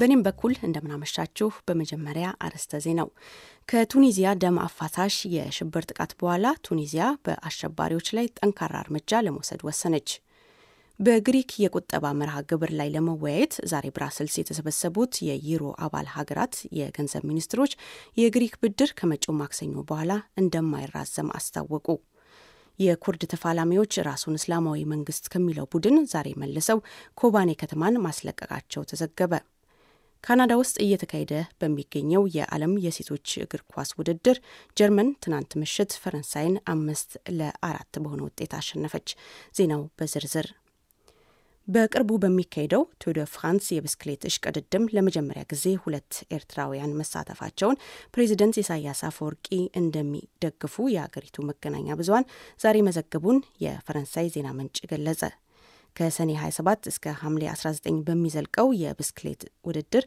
በእኔም በኩል እንደምናመሻችሁ። በመጀመሪያ አርዕስተ ዜናው ከቱኒዚያ ደም አፋሳሽ የሽብር ጥቃት በኋላ ቱኒዚያ በአሸባሪዎች ላይ ጠንካራ እርምጃ ለመውሰድ ወሰነች። በግሪክ የቁጠባ መርሃ ግብር ላይ ለመወያየት ዛሬ ብራስልስ የተሰበሰቡት የዩሮ አባል ሀገራት የገንዘብ ሚኒስትሮች የግሪክ ብድር ከመጪው ማክሰኞ በኋላ እንደማይራዘም አስታወቁ። የኩርድ ተፋላሚዎች ራሱን እስላማዊ መንግስት ከሚለው ቡድን ዛሬ መልሰው ኮባኔ ከተማን ማስለቀቃቸው ተዘገበ። ካናዳ ውስጥ እየተካሄደ በሚገኘው የዓለም የሴቶች እግር ኳስ ውድድር ጀርመን ትናንት ምሽት ፈረንሳይን አምስት ለአራት በሆነ ውጤት አሸነፈች። ዜናው በዝርዝር በቅርቡ በሚካሄደው ቱር ደ ፍራንስ የብስክሌት እሽቅድድም ለመጀመሪያ ጊዜ ሁለት ኤርትራውያን መሳተፋቸውን ፕሬዚደንት ኢሳያስ አፈወርቂ እንደሚደግፉ የአገሪቱ መገናኛ ብዙሀን ዛሬ መዘገቡን የፈረንሳይ ዜና ምንጭ ገለጸ። ከሰኔ 27 እስከ ሐምሌ 19 በሚዘልቀው የብስክሌት ውድድር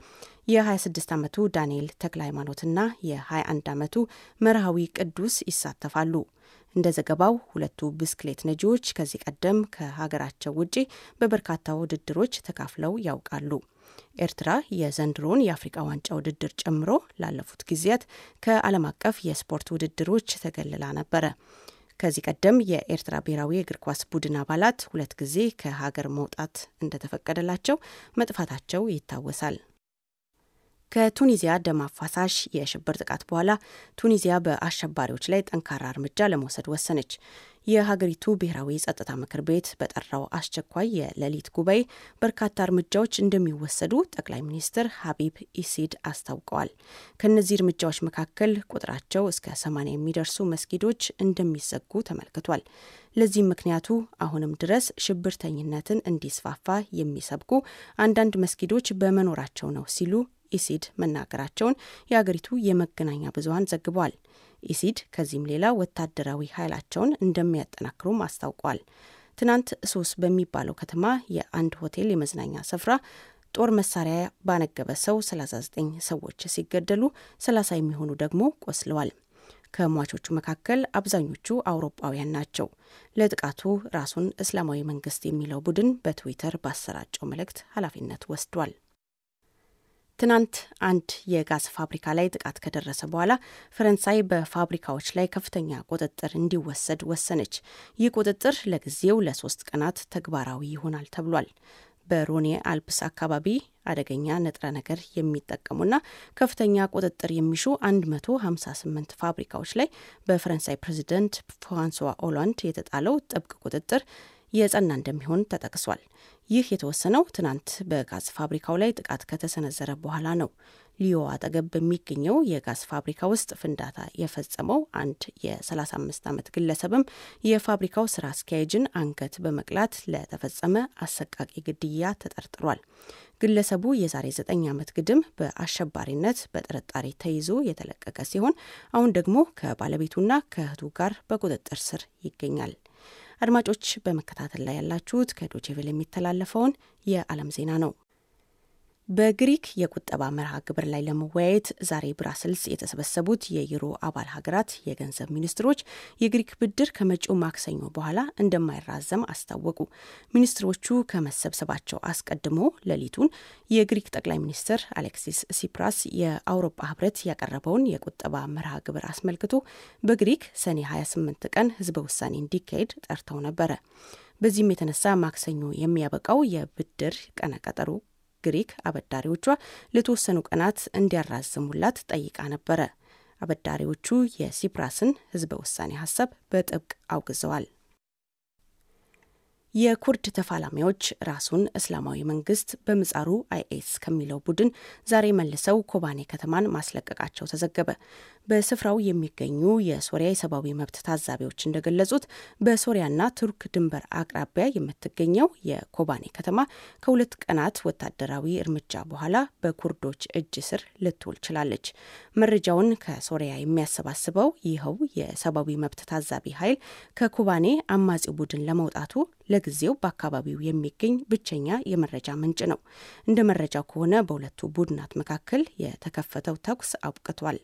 የ26 ዓመቱ ዳንኤል ተክለ ሃይማኖትና የ21 ዓመቱ መርሃዊ ቅዱስ ይሳተፋሉ። እንደ ዘገባው ሁለቱ ብስክሌት ነጂዎች ከዚህ ቀደም ከሀገራቸው ውጪ በበርካታ ውድድሮች ተካፍለው ያውቃሉ። ኤርትራ የዘንድሮን የአፍሪቃ ዋንጫ ውድድር ጨምሮ ላለፉት ጊዜያት ከዓለም አቀፍ የስፖርት ውድድሮች ተገልላ ነበረ። ከዚህ ቀደም የኤርትራ ብሔራዊ የእግር ኳስ ቡድን አባላት ሁለት ጊዜ ከሀገር መውጣት እንደተፈቀደላቸው መጥፋታቸው ይታወሳል። ከቱኒዚያ ደም አፋሳሽ የሽብር ጥቃት በኋላ ቱኒዚያ በአሸባሪዎች ላይ ጠንካራ እርምጃ ለመውሰድ ወሰነች። የሀገሪቱ ብሔራዊ ጸጥታ ምክር ቤት በጠራው አስቸኳይ የሌሊት ጉባኤ በርካታ እርምጃዎች እንደሚወሰዱ ጠቅላይ ሚኒስትር ሀቢብ ኢሲድ አስታውቀዋል። ከእነዚህ እርምጃዎች መካከል ቁጥራቸው እስከ 80 የሚደርሱ መስጊዶች እንደሚዘጉ ተመልክቷል። ለዚህም ምክንያቱ አሁንም ድረስ ሽብርተኝነትን እንዲስፋፋ የሚሰብኩ አንዳንድ መስጊዶች በመኖራቸው ነው ሲሉ ኢሲድ መናገራቸውን የአገሪቱ የመገናኛ ብዙሀን ዘግቧል። ኢሲድ ከዚህም ሌላ ወታደራዊ ኃይላቸውን እንደሚያጠናክሩም አስታውቋል። ትናንት ሶስ በሚባለው ከተማ የአንድ ሆቴል የመዝናኛ ስፍራ ጦር መሳሪያ ባነገበ ሰው 39 ሰዎች ሲገደሉ 30 የሚሆኑ ደግሞ ቆስለዋል። ከሟቾቹ መካከል አብዛኞቹ አውሮፓውያን ናቸው። ለጥቃቱ ራሱን እስላማዊ መንግስት የሚለው ቡድን በትዊተር ባሰራጨው መልእክት ኃላፊነት ወስዷል። ትናንት አንድ የጋዝ ፋብሪካ ላይ ጥቃት ከደረሰ በኋላ ፈረንሳይ በፋብሪካዎች ላይ ከፍተኛ ቁጥጥር እንዲወሰድ ወሰነች። ይህ ቁጥጥር ለጊዜው ለሶስት ቀናት ተግባራዊ ይሆናል ተብሏል። በሮኔ አልፕስ አካባቢ አደገኛ ንጥረ ነገር የሚጠቀሙና ከፍተኛ ቁጥጥር የሚሹ 158 ፋብሪካዎች ላይ በፈረንሳይ ፕሬዚደንት ፍራንሷ ኦላንድ የተጣለው ጥብቅ ቁጥጥር የጸና እንደሚሆን ተጠቅሷል። ይህ የተወሰነው ትናንት በጋዝ ፋብሪካው ላይ ጥቃት ከተሰነዘረ በኋላ ነው። ሊዮ አጠገብ በሚገኘው የጋዝ ፋብሪካ ውስጥ ፍንዳታ የፈጸመው አንድ የ35 ዓመት ግለሰብም የፋብሪካው ስራ አስኪያጅን አንገት በመቅላት ለተፈጸመ አሰቃቂ ግድያ ተጠርጥሯል። ግለሰቡ የዛሬ 9 ዓመት ግድም በአሸባሪነት በጥርጣሬ ተይዞ የተለቀቀ ሲሆን አሁን ደግሞ ከባለቤቱና ከእህቱ ጋር በቁጥጥር ስር ይገኛል። አድማጮች በመከታተል ላይ ያላችሁት ከዶቼ የሚተላለፈውን የዓለም ዜና ነው። በግሪክ የቁጠባ መርሃ ግብር ላይ ለመወያየት ዛሬ ብራስልስ የተሰበሰቡት የዩሮ አባል ሀገራት የገንዘብ ሚኒስትሮች የግሪክ ብድር ከመጪው ማክሰኞ በኋላ እንደማይራዘም አስታወቁ። ሚኒስትሮቹ ከመሰብሰባቸው አስቀድሞ ሌሊቱን የግሪክ ጠቅላይ ሚኒስትር አሌክሲስ ሲፕራስ የአውሮፓ ህብረት ያቀረበውን የቁጠባ መርሃ ግብር አስመልክቶ በግሪክ ሰኔ 28 ቀን ህዝበ ውሳኔ እንዲካሄድ ጠርተው ነበረ። በዚህም የተነሳ ማክሰኞ የሚያበቃው የብድር ቀነቀጠሩ ግሪክ አበዳሪዎቿ ለተወሰኑ ቀናት እንዲያራዝሙላት ጠይቃ ነበረ። አበዳሪዎቹ የሲፕራስን ህዝበ ውሳኔ ሀሳብ በጥብቅ አውግዘዋል። የኩርድ ተፋላሚዎች ራሱን እስላማዊ መንግስት በምጻሩ አይኤስ ከሚለው ቡድን ዛሬ መልሰው ኮባኔ ከተማን ማስለቀቃቸው ተዘገበ። በስፍራው የሚገኙ የሶሪያ የሰብአዊ መብት ታዛቢዎች እንደገለጹት በሶሪያና ቱርክ ድንበር አቅራቢያ የምትገኘው የኮባኔ ከተማ ከሁለት ቀናት ወታደራዊ እርምጃ በኋላ በኩርዶች እጅ ስር ልትውል ችላለች። መረጃውን ከሶሪያ የሚያሰባስበው ይኸው የሰብአዊ መብት ታዛቢ ኃይል ከኮባኔ አማጺው ቡድን ለመውጣቱ ለጊዜው በአካባቢው የሚገኝ ብቸኛ የመረጃ ምንጭ ነው። እንደ መረጃው ከሆነ በሁለቱ ቡድናት መካከል የተከፈተው ተኩስ አብቅቷል።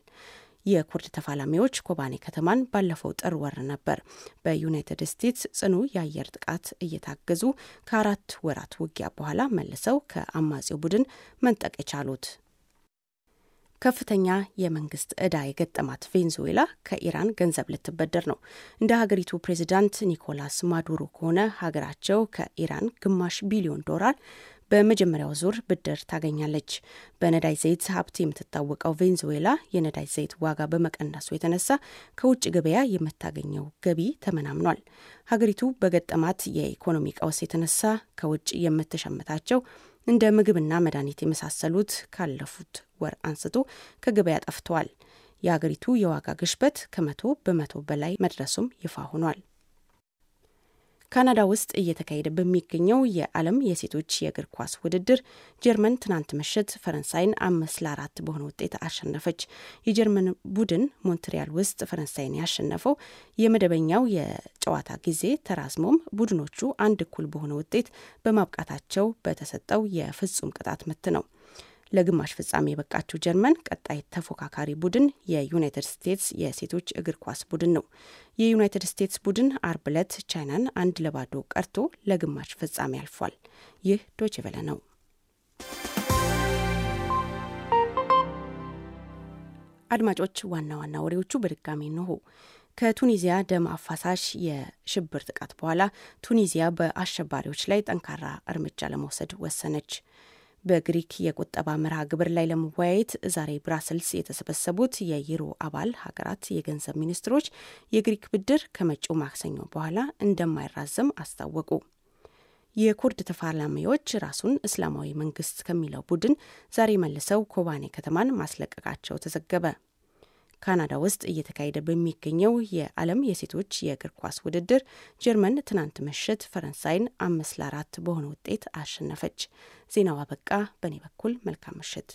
የኩርድ ተፋላሚዎች ኮባኔ ከተማን ባለፈው ጥር ወር ነበር በዩናይትድ ስቴትስ ጽኑ የአየር ጥቃት እየታገዙ ከአራት ወራት ውጊያ በኋላ መልሰው ከአማጺው ቡድን መንጠቅ የቻሉት። ከፍተኛ የመንግስት ዕዳ የገጠማት ቬንዙዌላ ከኢራን ገንዘብ ልትበደር ነው። እንደ ሀገሪቱ ፕሬዚዳንት ኒኮላስ ማዱሮ ከሆነ ሀገራቸው ከኢራን ግማሽ ቢሊዮን ዶላር በመጀመሪያው ዙር ብድር ታገኛለች። በነዳጅ ዘይት ሀብት የምትታወቀው ቬንዙዌላ የነዳጅ ዘይት ዋጋ በመቀነሱ የተነሳ ከውጭ ገበያ የምታገኘው ገቢ ተመናምኗል። ሀገሪቱ በገጠማት የኢኮኖሚ ቀውስ የተነሳ ከውጭ የምትሸምታቸው እንደ ምግብና መድኃኒት የመሳሰሉት ካለፉት ወር አንስቶ ከገበያ ጠፍተዋል። የአገሪቱ የዋጋ ግሽበት ከመቶ በመቶ በላይ መድረሱም ይፋ ሆኗል። ካናዳ ውስጥ እየተካሄደ በሚገኘው የዓለም የሴቶች የእግር ኳስ ውድድር ጀርመን ትናንት ምሽት ፈረንሳይን አምስት ለአራት በሆነ ውጤት አሸነፈች። የጀርመን ቡድን ሞንትሪያል ውስጥ ፈረንሳይን ያሸነፈው የመደበኛው የጨዋታ ጊዜ ተራዝሞም ቡድኖቹ አንድ እኩል በሆነ ውጤት በማብቃታቸው በተሰጠው የፍጹም ቅጣት ምት ነው። ለግማሽ ፍጻሜ የበቃችው ጀርመን ቀጣይ ተፎካካሪ ቡድን የዩናይትድ ስቴትስ የሴቶች እግር ኳስ ቡድን ነው። የዩናይትድ ስቴትስ ቡድን አርብ ዕለት ቻይናን አንድ ለባዶ ቀርቶ ለግማሽ ፍጻሜ አልፏል። ይህ ዶቼ ነው። አድማጮች፣ ዋና ዋና ወሬዎቹ በድጋሚ እንሆ። ከቱኒዚያ ደም አፋሳሽ የሽብር ጥቃት በኋላ ቱኒዚያ በአሸባሪዎች ላይ ጠንካራ እርምጃ ለመውሰድ ወሰነች። በግሪክ የቁጠባ መርሃ ግብር ላይ ለመወያየት ዛሬ ብራስልስ የተሰበሰቡት የዩሮ አባል ሀገራት የገንዘብ ሚኒስትሮች የግሪክ ብድር ከመጪው ማክሰኞ በኋላ እንደማይራዘም አስታወቁ። የኩርድ ተፋላሚዎች ራሱን እስላማዊ መንግስት ከሚለው ቡድን ዛሬ መልሰው ኮባኔ ከተማን ማስለቀቃቸው ተዘገበ። ካናዳ ውስጥ እየተካሄደ በሚገኘው የዓለም የሴቶች የእግር ኳስ ውድድር ጀርመን ትናንት ምሽት ፈረንሳይን አምስት ለአራት በሆነ ውጤት አሸነፈች። ዜናው አበቃ። በእኔ በኩል መልካም ምሽት።